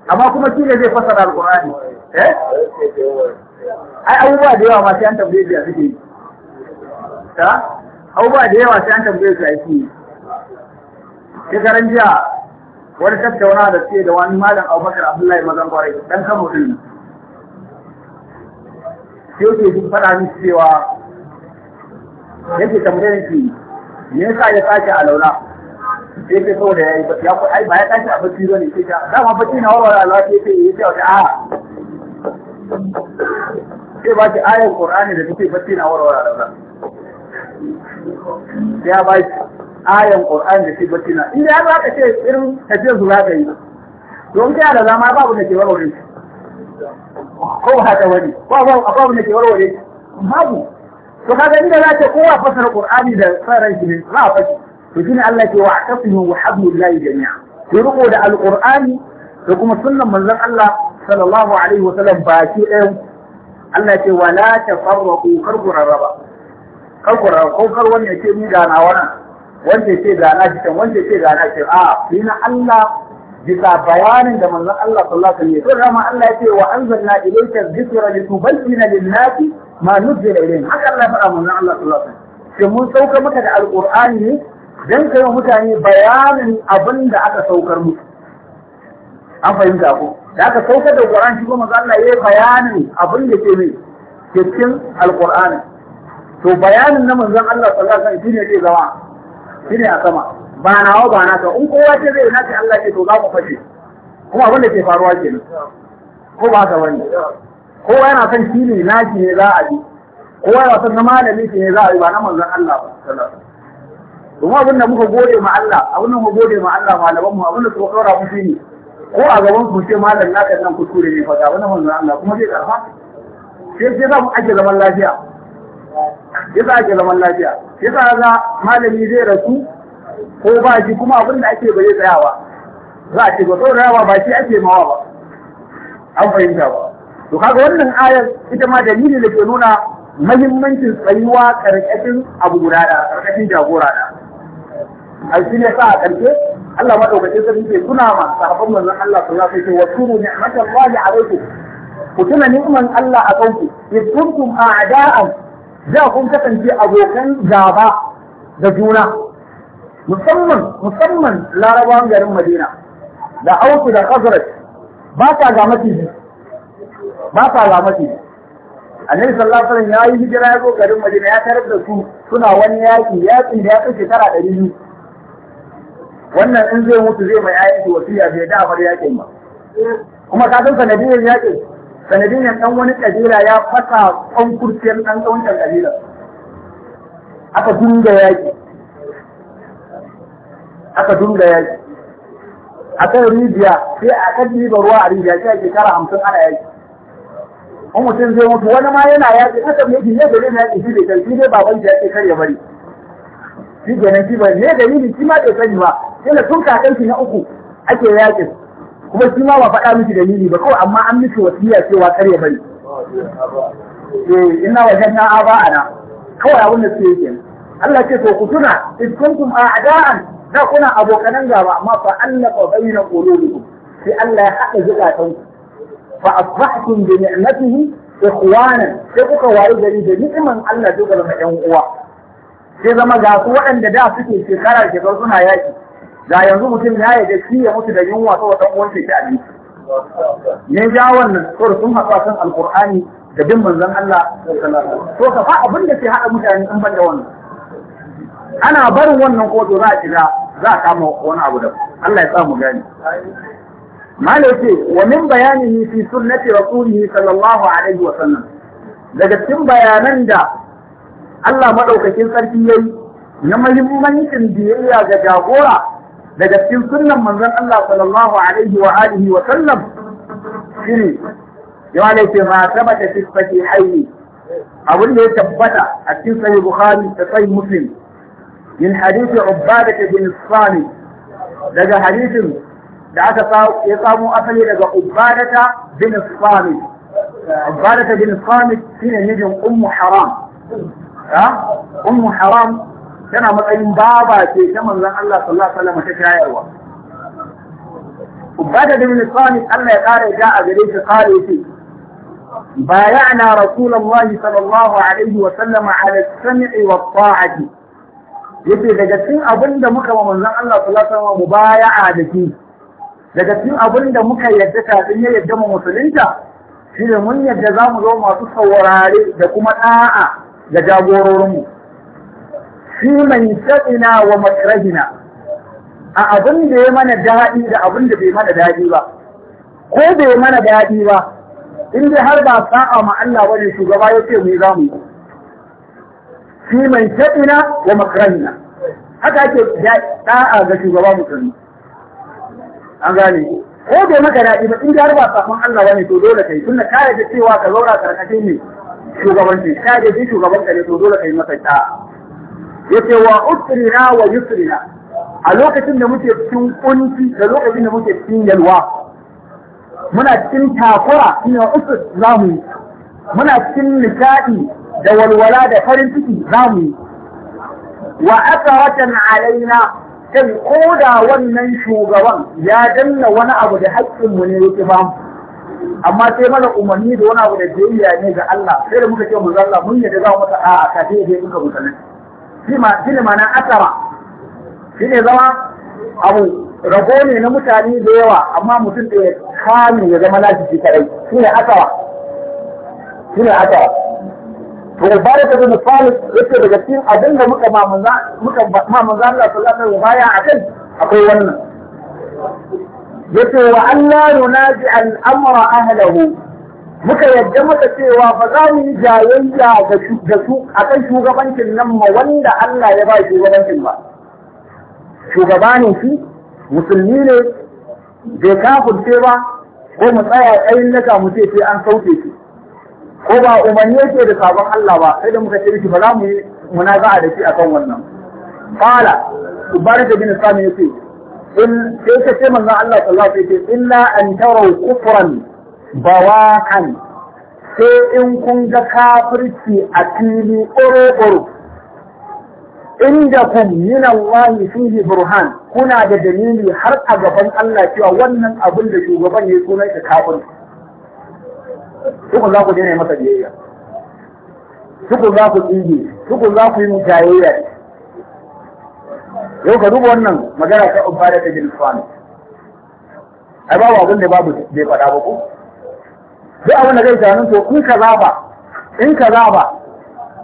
amma kuma shi ne zai fasara alƙur'ani eh ai abubuwa da yawa ma sai an tambaye biya suke yi ta abubuwa da yawa sai an tambaye su a yi sai karan jiya wani tattauna da ce da wani malam abubakar abdullahi mazan kwarai kan mutum sai ke jin faɗa ni cewa yake tambayar ki me yasa ya tashi a laula sai ke saboda ya yi ya ku ai ba ya tashi a bacci bane sai ta dama bacci na warware Allah sai ce yace wata a sai ba ki ayar ƙorani da take bacci na warware Allah sai ya ba ki ayan Qur'ani da shi na in dai za ka ce irin tafiyar su za ka yi don kai da zama babu da ke warware ko haka wani ba ba babu da ke warware babu to kaga inda za ta kowa fasara Qur'ani da saran shi ne za a fashi to shine Allah ke wa atasimu wa hablullahi jami'a ku riko da alqur'ani da kuma sunnan manzon Allah sallallahu alaihi wa sallam baki ɗaya Allah ce wa la tafarraqu kar ku rarraba kar ku ko kar wani ya ce ni ga na wannan wanda ya ce da zana shi can, wanda ya ce zana shi a ni na Allah bisa bayanin da manzon Allah sallallahu alaihi wasallam ya rama Allah ya ce wa anzalna ilayka dhikra litubayyana lin-nasi ma nuzila ilayhim haka Allah ya faɗa manzon Allah sallallahu alaihi wasallam sai mun sauka maka da alqur'ani ne dan kai mutane bayanin abin da aka saukar musu an fahimta ko da aka saukar da Qur'an shi kuma Allah ya yi bayanin abin da ke mai cikin Al-Qur'ani to bayanin na manzon Allah sallallahu alaihi wasallam shine ke zama shine a sama ba nawa ba ta in kowa ce zai nace Allah ce to za ku fashe kuma abin da ke faruwa ne ko ba ka wani kowa yana son shi ne shi ne za a yi kowa yana son na malami ne za a yi ba na manzon Allah ba kuma abin da muka gode ma Allah abin da muka gode ma Allah malaman mu abin da suka kaura mu shine ko a gaban ku ce malam naka nan kuskure ne fa ga wannan manzon Allah kuma zai karfa sai sai za mu ake zaman lafiya yasa ake zaman lafiya yasa za malami zai rasu ko ba shi kuma abin da ake bai tsayawa za a ce ba tsoron yawa ba shi ake mawa ba an fahimta ba to kaga wannan ayar ita ma dalili da ke nuna mahimmancin tsayuwa karkashin abu guda da karkashin jagora da a shi ne sa a karshe Allah madaukakin sarki ke tuna ma sahabban manzon Allah sallallahu alaihi wasallam wa turu ni'matallahi alaikum ku tuna ni'man Allah a kanku in kuntum a'da'an da kun kasance abokan gaba da juna musamman musamman larabawan garin madina da auku da khazraj ba ta ga maciji ba ta ga maciji annabi sallallahu alaihi ya yi hijira ya zo garin madina ya tarar da su suna wani yaki yaki da ya tara shekara biyu. wannan in zai mutu zai mai ayyuka wasiya bai da amar yakin ba kuma kafin san sanadiyar yakin sanadiyar ɗan wani ƙabila ya fasa kurciyar ɗan ƙawancin ƙabilar aka dunga yaƙi aka dunga yaƙi a kan rijiya sai a kan ribar ruwa a rijiya sai a shekara hamsin ana yaƙi an mutum zai mutu wani ma yana yaƙi aka yaƙi ne da zai yaƙi shi da ne shi dai baban ya ce kar ya bari shi kenan shi bari ne dalili shi ma bai sani ba sai da tun kakanki na uku ake yaƙin kuma shi ma ba faɗa miki dalili ba kawai amma an miki wasiya cewa kar ya bari eh inna wajadna aba'ana kawai abin da suke yake Allah ce to ku tuna id kuntum a'da'an da kuna abokanan gaba amma fa allafa bayna qulubikum sai Allah ya haɗa zukatan fa asbahtum bi ni'matihi ikhwana sai kuka wayi gari da ni'iman Allah duka da ƴan uwa sai zama ga su waɗanda da suke shekara shekaru suna yaki ga yanzu mutum ya yi shi ya mutu da yunwa saboda wata uwan shi abinci ne ja wannan tsoro sun haɗu kan alqur'ani da bin manzan Allah to ka fa abin da ke haɗa mutane in ban da wannan ana barin wannan koto za a shiga za a kama wani abu da Allah ya samu gani malai wa min bayanihi fi sunnati rasulihi sallallahu alaihi wa sallam daga cikin bayanan da Allah madaukakin sarki yayi na muhimmancin biyayya ga jagora daga cikin sunnan manzon Allah sallallahu alaihi wa alihi wa sallam shine yawa ne ce ma sabata fi sahihaini abin da ya tabbata a cikin sahih bukhari da sahih muslim min hadith ubada bin sami daga hadithin da aka ya samu asali daga ubadata bin sami ubadata bin sami shine mijin ummu haram ha ummu haram tana matsayin baba ce ta manzon Allah sallallahu alaihi wasallam ta shayarwa ubada da min sani Allah ya kare da a gare shi kare shi بايعنا رسول الله صلى الله عليه وسلم على السمع والطاعة yace daga cikin abin da muka ma manzon Allah sallallahu alaihi wasallam mubaya'a da shi daga cikin abin da muka yadda kafin ya yadda mu musulunta shi shine mun yadda za mu zo masu saurare da kuma da'a ga jagororinmu fi sa'ina wa makrahina a abin da ya mana daɗi da abin da bai mana daɗi ba ko bai mana daɗi ba in dai har ba sa'a ma Allah bane shugaba ya ce mu za mu fi sa'ina wa makrahina haka ake da'a ga shugaba musulmi an gane ko bai maka daɗi ba in dai har ba sa'a Allah bane to dole kai tunda ka yarda cewa ka zaura karkashin ne shugabanci ka yarda shi shugaban ka ne to dole kai masa ta'a. yake wa usrina wa yusrina a lokacin da muke cikin kunci da lokacin da muke cikin yalwa muna cikin takura ina usr zamu muna cikin nishadi da walwala da farin ciki zamu wa asaratan alaina kai koda wannan shugaban ya danna wani abu da haƙƙinmu ne yake ba amma sai mana umarni da wani abu da biyayya ne ga Allah sai da muka ce mu zalla mun yadda za mu ta a'a kafin ya je muka mutane shi ne na asara shi ne zama abu rago ne na mutane da yawa amma mutum da ya kame ya zama nashi shi kadai shi ne asara shi ne asara to ibada ta zama falis yake daga cikin abin da muka mamanza muka mamanza Allah sallallahu alaihi baya akan akwai wannan yace wa Allah yunaji al-amra ahlihi muka yadda masa cewa ba za mu yi jayayya da su a kan shugabancin nan ma wanda Allah ya ba shugabancin ba. Shugaba ne shi, musulmi ne, bai kafurce ba, ko mu tsaya tsayin naka mu ce sai an sauke shi. Ko ba umarni yake da sabon Allah ba, sai da muka ce shi ba za mu yi munaza'a da shi kan wannan. Fala, Ubaru da bin Sami in sai ka ce manzon Allah sallallahu alaihi wasallam illa an tarau kufran bawakan sai in kun ga kafirci a fili ƙoro-ƙoro inda kun min Allah fihi burhan kuna da dalili har a gaban Allah cewa wannan abin da shugaban ya suna shi kafin suku za ku yi masa biyayya suku za ku tsige suku za ku yi mutayayya yau ka duba wannan magana ta ubba da ta bin ai babu abin da babu bai faɗa ba ko sai abin da zai tunanin to in ka ba in kaza ba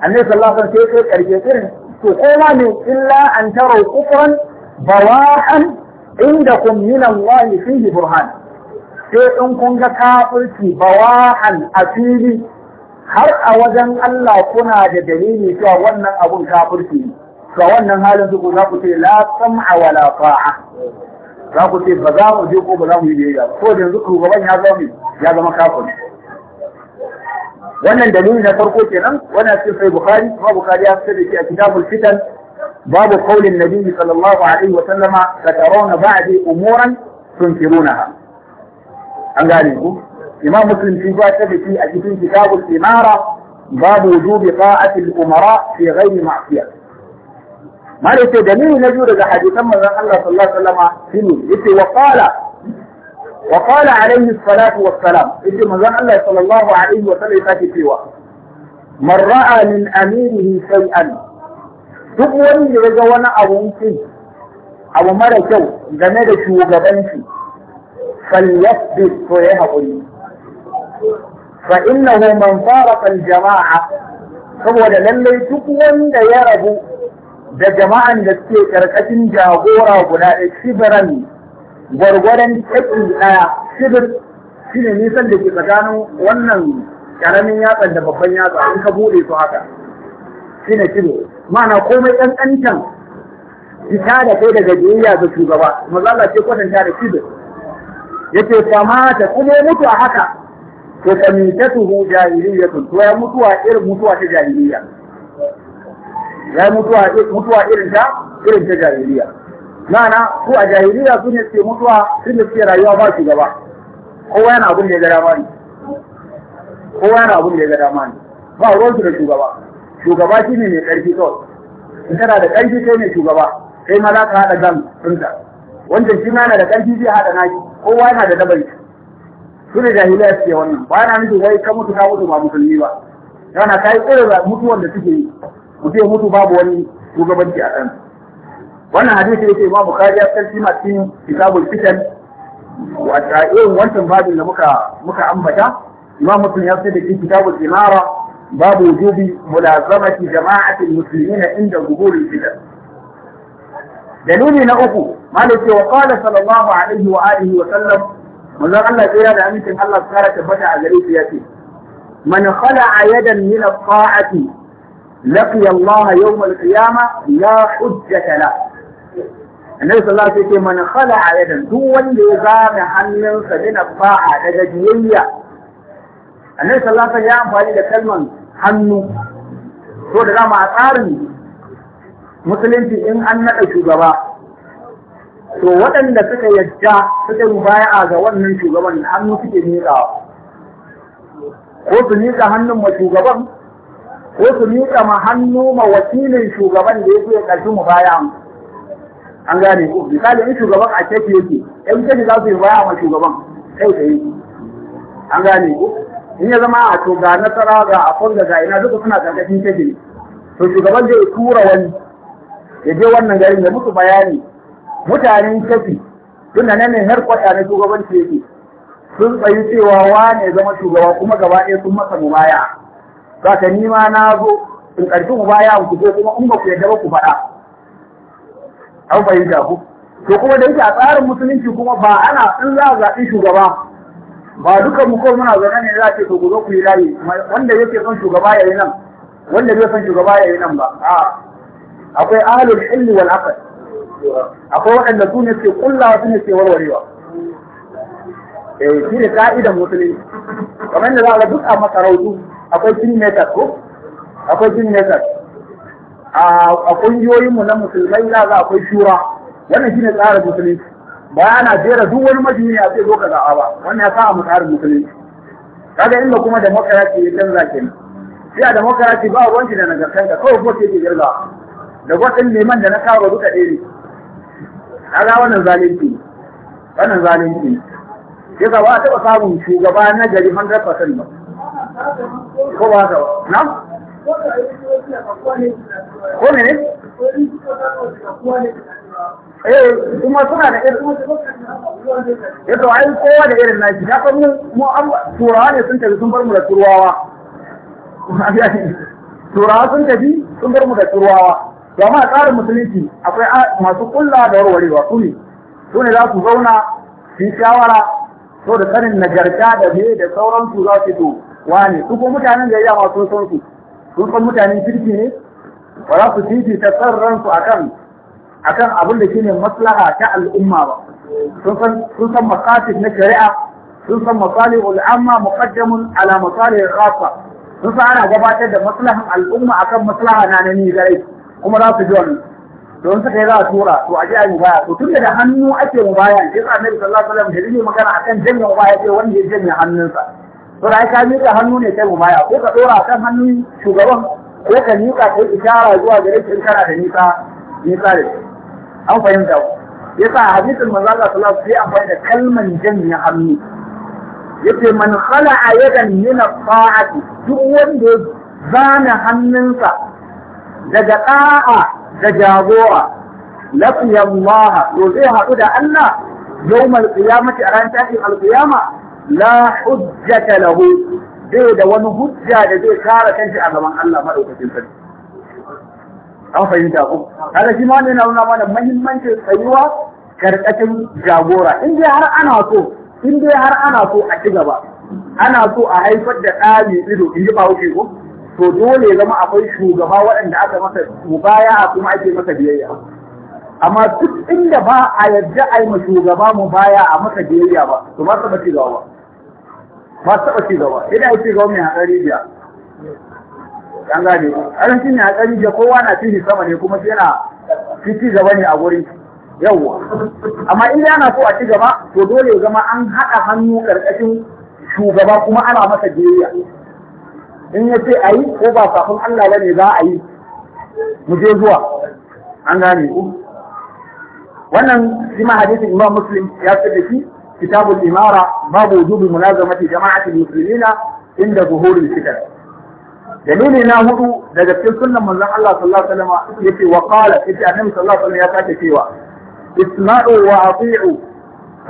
annabi sallallahu alaihi wasallam sai karfe irin to ma ne illa an taro kufran bawahan indakum min Allah fihi burhan sai in kun ga kafirci bawahan a fili har a wajen Allah kuna da dalili cewa wannan abun kafirci ne ga wannan halin su ku za ku ce la sam'a wala fa'a za ku ce ba za mu je ko ba za mu yi biyayya ba ko yanzu shugaban ya zama ya zama kafin wannan dalili na farko kenan wannan cikin sai bukhari kuma bukhari ya fitar da shi a kitabul fitan babu qaulin nabi sallallahu alaihi wa sallama satarawna ba'di umuran tunkirunaha an gane ku imam muslim shi ba ta da shi a cikin kitabul imara babu wujubi ta'ati umara fi ghairi ma'siyah mare ce dalili na biyu daga hadisan manzon Allah sallallahu alaihi wasallam shine yace wa qala wa qala alaihi salatu wassalam yace manzon Allah sallallahu alaihi wasallam yake cewa man ra'a min amirihi duk wanda ya ga wani abun ki abu mara kyau game da shugabanci falyasbir to ya haƙuri fa innahu man farqa jamaa saboda lallai duk wanda ya rabu da jama'an da suke ƙarƙashin jagora guda ɗaya shibiran gwargwaron taƙi ɗaya shibir shi ne nisan da ke tsakanin wannan ƙaramin yatsan da babban yatsa in ka buɗe su haka shi ne shibir ma'ana komai ƙanƙantan fita da kai daga biyayya ga shugaba mazala ce kwatanta da shibir yace kamata kuma mutu a haka to kamita tuhu jahiliyatun to ya mutuwa irin mutuwa ta jahiliya ya yi mutuwa irin ta irin ta jahiliya ma'ana ku a jahiliya su ne suke mutuwa su ne suke rayuwa ba su gaba kowa yana abin da ya ga dama ne kowa yana abin da ya gada mani ba ba ruwansu da shugaba shugaba shi ne mai ƙarfi kawai in tana da ƙarfi sai ne shugaba sai ma za ka haɗa gan ɗinka wancan shi ma yana da ƙarfi zai haɗa naki kowa yana da dabari su ne jahiliya suke wannan ba yana nufin wai ka mutu ka mutu ba musulmi ba yana ka yi irin mutuwan da suke yi zai mutu babu wani shugabanci a kan wannan hadisi yake ma bukari ya sarki ma cikin kitabul fitan wata irin wancan babin da muka muka ambata imam muslim ya sai da kitabul imara babu wujubi mulazamati jama'atul muslimina inda zuhuril fitan dalili na uku malai cewa qala sallallahu alaihi wa alihi wa sallam manzon Allah ya da amincin Allah tsara tabbata a gare shi yace man khala'a yadan min at-ta'ati laqiya Allah yawm al-qiyama la hujjata la annabi sallallahu alaihi wasallam man khala'a yadan wanda ya zame hannunsa da ba'a daga biyayya annabi sallallahu alaihi wasallam ya amfani da kalman hannu to da dama a tsarin musulunci in an naɗa shugaba to waɗanda suka yadda suka a ga wannan shugaban hannu suke miƙawa ko su miƙa hannun ma shugaban ko su miƙa ma hannu ma wakilin shugaban da ya ya ƙarshen mu baya an gane ko misali in shugaban a keke yake yan keke za su yi baya ma shugaban kai yi. an gane ko in ya zama a toga ga nasara ga afon da ga ina duka suna ƙarƙashin keke ne to shugaban zai tura wani ya je wannan garin da musu bayani mutanen keke tun da nan har kwaɗa na shugabanci yake sun tsayi cewa wane zama shugaba kuma gaba ɗaya sun masa mu baya. ba ta ma na zo in ƙarfi ku baya ku ko kuma in ba ku yadda ba ku faɗa. An fahimta ku. To kuma da yake a tsarin musulunci kuma ba ana in za a zaɓi shugaba ba duka mu kawai muna zaune ne za a ce to ku zo ku yi layi wanda yake son shugaba ya yi nan wanda bai son shugaba ya yi nan ba. Akwai ahalul illi wal aqal. Akwai waɗanda su ne ke kullawa su ne ke warwarewa. Eh shi ne ka'idan musulunci. Kamar yadda za a ga duk a masarautu akwai kingmakers ko akwai kingmakers a kungiyoyinmu na musulmai za ga akwai shura wannan shine tsara musulunci ba ana jera duk wani majini a ce zo ka za'a ba wannan ya sa mu tsara musulunci kaga inda kuma demokarasi ya canza kenan sai a demokarasi ba ruwan da nagartar da kawai bote ke girba da votin neman da na kawo duka ɗaya ne kaga wannan zalunci wannan zalunci sai ba a taɓa samun shugaba na gari 100% ba ko ba haka na ko ne eh kuma suna da irin ya eh, to ai kowa da irin naki ya kan mu an turawa ne sun tafi sun bar mu da turawa turawa sun tafi sun bar mu da turawa to amma tsarin musulunci akwai masu kulla da warwarewa su ne su ne za su zauna su yi shawara so da sanin nagarta da me da sauransu za su to wani su ko mutanen da yawa sun san su sun san mutanen kirki ne ba za su fifita san ransu a kan abin da shine maslaha ta al'umma ba sun san sun na shari'a sun san masalihul amma muqaddamun ala masalihil khassa sun san ana gabatar da maslahan al'umma akan maslaha na na ni gare kuma za su ji wannan don suka yi za a tura to a ji a mubaya to tun da hannu ake mubaya sai annabi sallallahu alaihi wasallam da yake magana akan janye mubaya sai wanda ya janye hannunsa to da ka miƙa hannu ne sai humaya ko ka ɗora kan hannun shugaban ko ka miƙa ko ishara zuwa gare shi in kana da nisa nisa da an fahimta ku sa hadisin manzo Allah sallallahu alaihi wasallam sai da kalman janye hannu yace man khala'a yadan min ta'ati duk wanda zana hannunsa daga ɗa'a da jagora lafiya to zai haɗu da Allah yawmal qiyamati a ran al alqiyama la hujjata lahu bai da wani hujja da zai kara kanshi a gaban Allah madaukakin sarki an fahimta ko kaga shi ma ne na nuna mana muhimmancin tsayuwa karkashin jagora in dai har ana so in dai har ana so a ci gaba ana so a haifar da ɗa ido in ji ba wuce ko to dole ya zama akwai shugaba waɗanda aka masa mubaya kuma ake masa biyayya amma duk inda ba a yarda a yi ma shugaba mubaya a masa biyayya ba to ba su ba ci gaba ba ba su taɓa ci gaba idan ya ci gaba mai hatsari biya an gane ƙarancin mai hatsari biya kowa na fi sama ne kuma yana fi ci gaba ne a wurin yawwa amma in yana so a ci gaba to dole ya zama an haɗa hannu ƙarƙashin shugaba kuma ana masa biyayya in ya ce a yi ko ba kafin Allah ba ne za a yi mu je zuwa an gane wannan shi ma hadisin imam muslim ya ce da shi كتاب الإمارة باب وجوب ملازمة جماعة المسلمين عند ظهور الفتن. دليل هنا هو دجا في السنة من الله صلى الله عليه وسلم يتي وقال يتي أهم صلى الله عليه وسلم يتي فيها اسمعوا وأطيعوا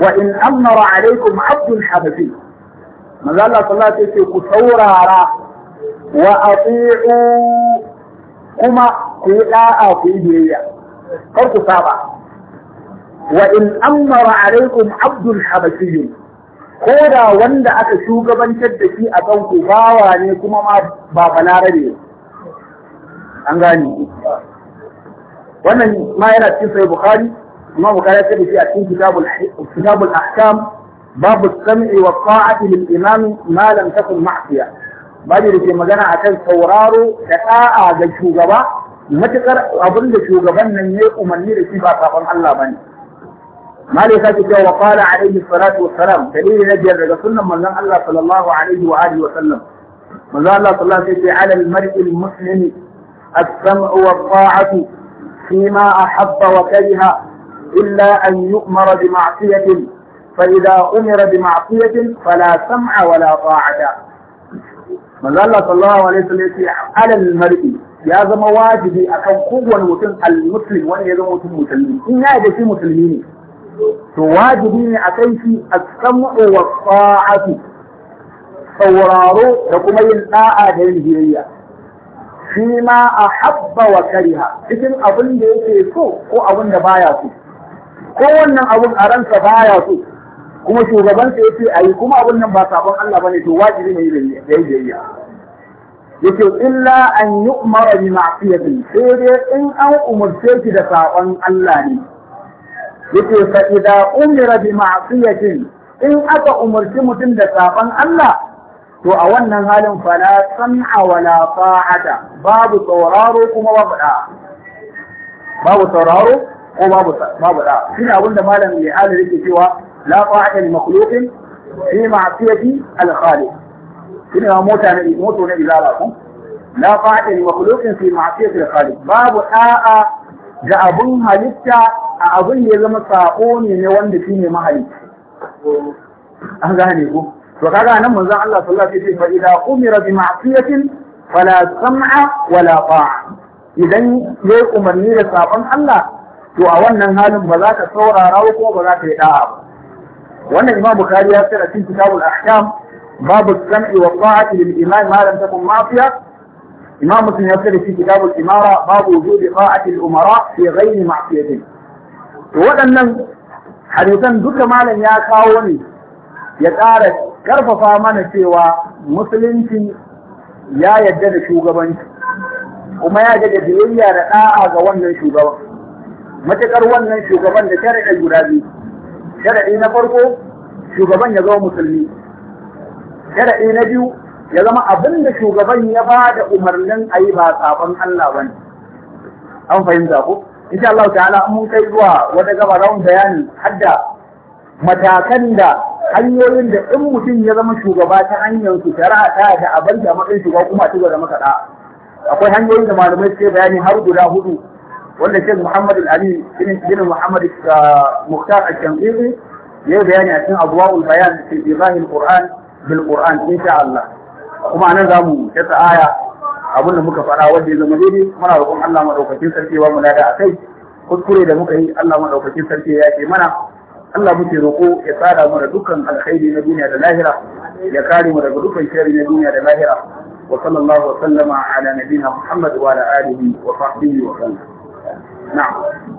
وإن أمر عليكم عبد حبسي. من الله صلى الله عليه وسلم كثورا وأطيعوا كما قيل لا أطيعوا آه قلت سابعا wa in amara alaikum abdul habashiyyu ko da wanda aka shugabantar da shi a kan ku bawa kuma ma ba balarabe an gani wannan ma yana cikin sai bukhari kuma bukhari ya ce a cikin kitabul kitabul babu sam'i wa ta'ati lil imam ma lam takun ma'siya babu da ke magana akan sauraro da da'a ga shugaba matukar abin shugaban nan ya umarni da shi ba sabon Allah bane مالك كتب وقال عليه الصلاة والسلام دليل نجي الرجسنا من الله صلى الله عليه وآله وسلم من الله صلى الله عليه وسلم على المرء المسلم السمع والطاعة فيما أحب وكره إلا أن يؤمر بمعصية فإذا أمر بمعصية فلا سمع ولا طاعة من الله صلى الله عليه وسلم على المرء يا زم واجبي أكون قوة المسلم وإن يزم المسلمين مسلمين إن هذا المسلمين to wajibi ne a kai shi a sam'u wa tsa'afi sauraro da kuma yin da'a da yin biyayya shi ma a habba wa kariha cikin abin da yake so ko abin da baya so ko wannan abin a ransa baya so kuma shugaban ya ce a yi kuma abin nan ba sabon Allah bane to wajibi ne yin biyayya yake illa an yi umara bi sai dai in an umarce ki da sabon Allah ne yace fa idza umira bi ma'siyatin in aka umarci mutum da saban Allah to a wannan halin fa fala sam'a wala fa'ata babu sauraro kuma babu da babu sauraro ko babu babu da shine abinda malam mai alir yake cewa la fa'ata li makhluqin fi ma'siyati al-khaliq shine mota ne moto ne ilala ko la fa'ata li makhluqin fi ma'siyati al-khaliq babu da'a ga abun halitta a abun da ya zama saƙo ne ne wanda shi ne mahalicci an gane ko to kaga nan manzon Allah sallallahu alaihi wasallam fa idza umira bi ma'siyatin fala sam'a wala ta'a idan yayi umarni da sabon Allah to a wannan halin ba za ka saurara ko ba za ka yi da'a wannan imam bukhari ya tsara cikin kitabul ahkam babu sam'i wa ta'ati lil imam ma lam takun إمام مسلم يقول في كتاب الإمارة باب وجود طاعة الأمراء في غير معصية وأن hadisan duka malam ya kawo ne ya ƙara ƙarfafa mana cewa musulunci ya yadda da shugabanci kuma ya yadda biyayya da ɗa'a ga wannan shugaban matuƙar wannan shugaban da sharaɗi guda biyu sharaɗi na farko shugaban ya zama musulmi sharaɗi na biyu ya zama abin da shugaban ya ba da umarnin a yi ba sabon Allah ba ne. An fahimta ko? Insha Allah ta'ala mun kai zuwa wata gaba rawan bayani hadda matakan da hanyoyin da in mutum ya zama shugaba ta hanyar su shari'a ta da abin da matsayin shugaba kuma ci da maka da. Akwai hanyoyin da malamai suke bayani har guda hudu wanda Sheikh Muhammad Al-Ali bin Muhammad ah, Mukhtar Al-Shanqiqi ya bayani a cikin Abwaul Bayan fi Ibrahim Qur'an bil Qur'an insha Allah. kuma nan za mu yasa aya abinda muka fara wanda ya zama daidai muna roƙon Allah madaukakin sarki wa mu da kai kuskure da muka yi Allah madaukakin sarki ya ce mana Allah muke roƙo ya tsara mu da dukkan alkhairi na duniya da lahira ya kare mu daga dukkan sharri na duniya da lahira wa sallallahu wa sallama ala nabiyina Muhammad wa ala alihi wa sahbihi wa sallam na'am